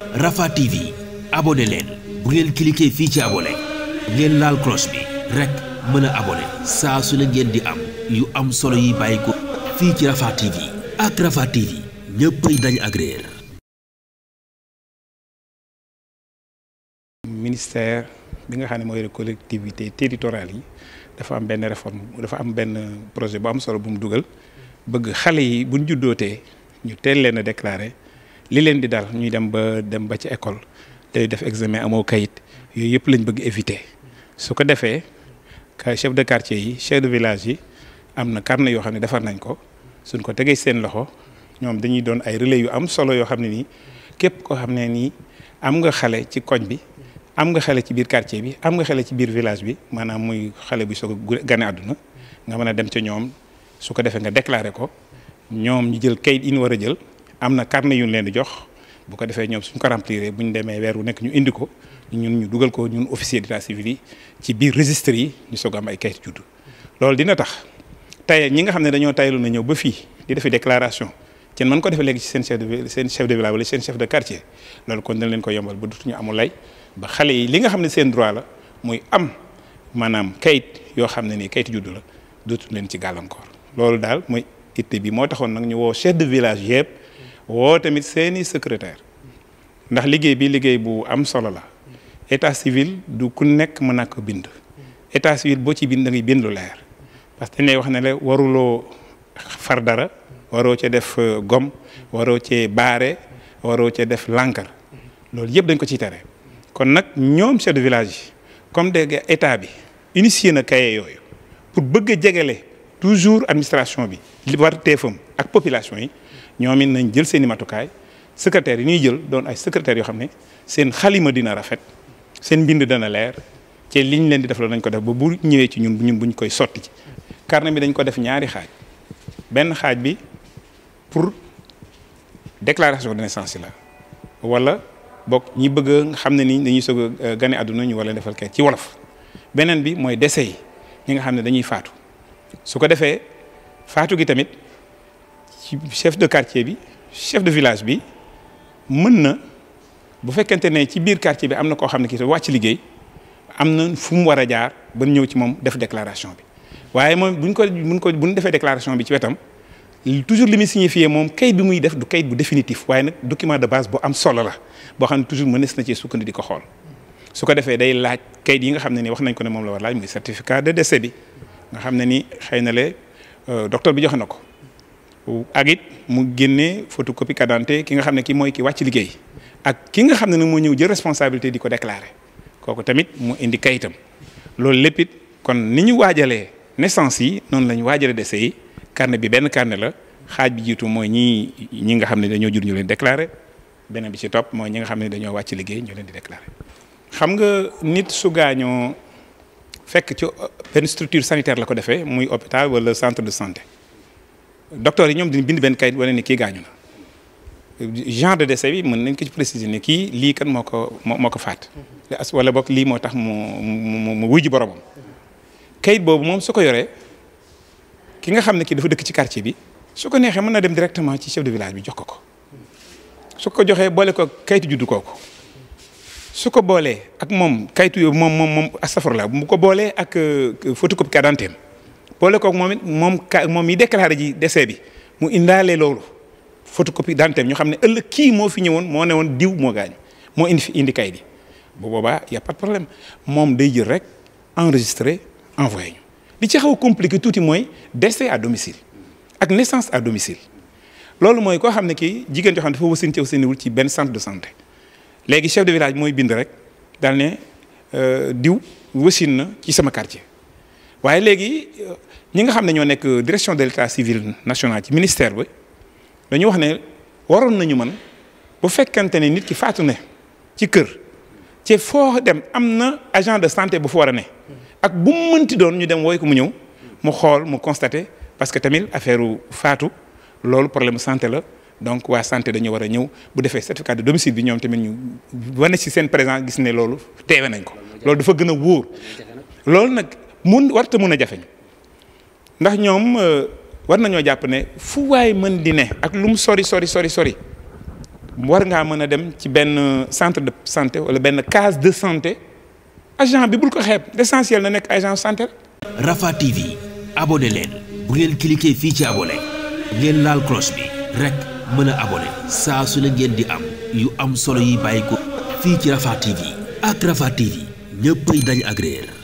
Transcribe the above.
Rafah TV abonné leen bu ngeen cliquer fii ci abonné ngeen laal cloche bi rek mën a abonné saa su ne ngeen di am yu am solo yi bàyyi ko fii ci Rafah TV ak Rafah TV ñëppay dañ agréer ministère bi nga xam ne mooy collectivité territoriale yi dafa am benn réforme dafa am benn projet bu am solo bu mu dugal bëgg xale yi buñ juddootee ñu teel leen a déclarer li leen di daal ñuy dem ba dem ba ci école day def examen amoo kayit yooyu yëpp lañ bëgg éviter su ko defee chef de quartier yi chef de village yi am na carnet yoo xam ne defar nañ ko suñ ko tegee seen loxo ñoom dañuy doon ay relais yu am solo yoo xam ne nii képp koo xam ne nii am nga xale ci koñ bi am nga xale ci biir quartier bi am nga xale ci biir village bi maanaam muy xale bu soo a gane àdduna nga mën a dem ca ñoom su ko defee nga déclaré ko ñoom ñu jël kayit yi ñu war a jël am na carnet yu ñu leen di jox bu ko defee ñoom suñ ko remplir bu ñu demee weer wu nekk ñu indi ko ñun ñu dugal ko ñu officier d'état civil yi ci biir registre yi ñu soog am ay kayit juddu loolu dina tax tey ñi nga xam ne dañoo taylu na ñëw ba fii di defi déclaration ci mën ko defee léegi ci seen chef seen chef de village wala seen chef de quartier kon dañ leen ko ba dutuñu amul ba xale yi li nga xam ne seen droit la muy am maanaam kayit yoo xam ne nii kayit juddu la dutuñ leen ci gàllankoor loolu daal mooy itte bi moo taxoon nag ñu woo chef de village yëpp. woo tamit seeni secrétaire ndax liggéey bi liggéey bu am solo la état civil du ku nekk mën naa ko bind état civil boo ci bind da ngay bind lu leer parce que ne lay wax ne la waruloo far dara waroo ca def euh, gom waroo cee baare waroo cee def lànkar loolu yëpp dañ ko ciy tere kon nag ñoom chef de village yi comme dégg état bi initié na kaye yooyu pour bëgg a jegele toujours administration bi li war teefam ak population yi ñoom it nañ jël seen i matukaay secrétaire yi ñuy jël doon ay secrétaire yoo xam ne seen xalima dina rafet seen mbind dana leer ci liñ leen di def la nañ ko def ba bu ñëwee ci ñun ñun ñu koy sotti ci carnet bi dañ ko def ñaari xaaj benn xaaj bi pour déclaration de naissance la wala bokk ñi bëgg nga xam ne ni dañuy soog a euh, gane àdduna ñu war leen defal kay ci wolof beneen bi mooy décès yi ñi nga xam ne dañuy faatu su ko defee faatu gi tamit ci chef de quartier bi chef de village bi mën na bu fekkente ne ci biir quartier bi am na koo xam ne kii ci liggéey am na fu mu war a jaar ba ñëw ci moom def déclaration bi waaye moom buñ ko buñ ko buñ defee déclaration bi ci wetam toujours li muy signifié moom kayit bi muy def du kayit bu définitif waaye nag document de base bu am solo la boo xam ne toujours mënees na cee sukkandi di ko xool su ko defee day laaj kayit yi nga xam ne ni wax nañ ko ne moom la war laaj muy nga xam ne ni xëy na le euh, docteur bi joxe na ko. ak it mu génne photocopie carte ki nga xam ne ki mooy ki wàcc liggéey ak ki nga xam ne nag moo ñëw jël responsabilité di ko déclarer kooku tamit mu indi kayitam loolu lépp it kon ni ñu waajalee naissance yi noonu lañu ñu waajalee décès yi carnet bi benn carnet la xaaj bi jiitu mooy ñi ñi nga xam ne dañoo jur ñu leen déclarer beneen bi ci topp mooy ñi nga xam ne dañoo wàcc liggéey ñoo leen di déclarer. xam nga nit su fekk ci benn structure sanitaire la ko defee muy hôpital wala centre de santé. docteur yi ñoom dañu bind benn kayit wane ni kii gaañu na genre de décès bi mën nañ ko ci préciser ne kii lii kan moo ko moo ko faat wala boog lii moo tax mu mu mu wuy ji boromam kayit boobu moom su ko yoree ki nga xam ne kii dafa dëkk ci quartier bi su ko neexee mën na dem directement ci chef de village bi jox ko ko su ko joxee boole ko kayitu juddu kooku su ko boolee ak moom kayitu yooyu moom moom moom astafurla mu ko boolee ak euh, photocopie carte d'identité boole kook moom it moom ka moom mi déclaré ji décès bi mu indaale loolu photocopie d'identité ñoo xam ne ëllëg kii moo fi ñëwoon moo ne woon diw moo gaañu moo indi fi indi kayit yi bu boobaa y' a pas de problème moom day jël rek enregistré envoyé ñu li ci xaw a compliqué tuuti mooy décès à domicile ak naissance à domicile loolu mooy koo xam ne kii jigéen joo xam ne dafa wasin ci wasiniwul ci benn centre de santé léegi chef de village mooy bind rek dal ne euh, diw wasin na ci sama quartier waaye léegi euh, ñi nga xam ne ñoo nekk direction de l'état civil national ci ministère bi dañu wax ne waroon nañu man bu fekkante ni nit ki faatu ne ci kër ci foo dem am na agent de santé bu fa war a ne ak bu mu mënti doon ñu dem wooy ko mu ñëw mu xool mu constaté parce que tamit affaire faatu loolu problème santé la donc waa santé dañu war a ñëw bu defee certificat de domicile bi ñoom tamit ñu wane ci seen présent gis ne loolu teewe nañ ko loolu dafa gën a wóor loolu mun warta mun a jafeñ ndax ñoom euh, war nañoo jàpp ne fu waay mën di ne ak lu mu sori sori sori sori war ngaa mën a dem ci benn euh, centre de santé wala benn case de santé agent bi bul ko xeeb l'essentiel na nekk agent santé Rafah TV abonné leen bu ngeen cliquer fii ci abonné ngeen laal cloche bi rek mën a abonné saa su ne ngeen di am yu am solo yi bàyyi ko fii ci Rafah TV ak Rafah TV ñëppay dañ agréer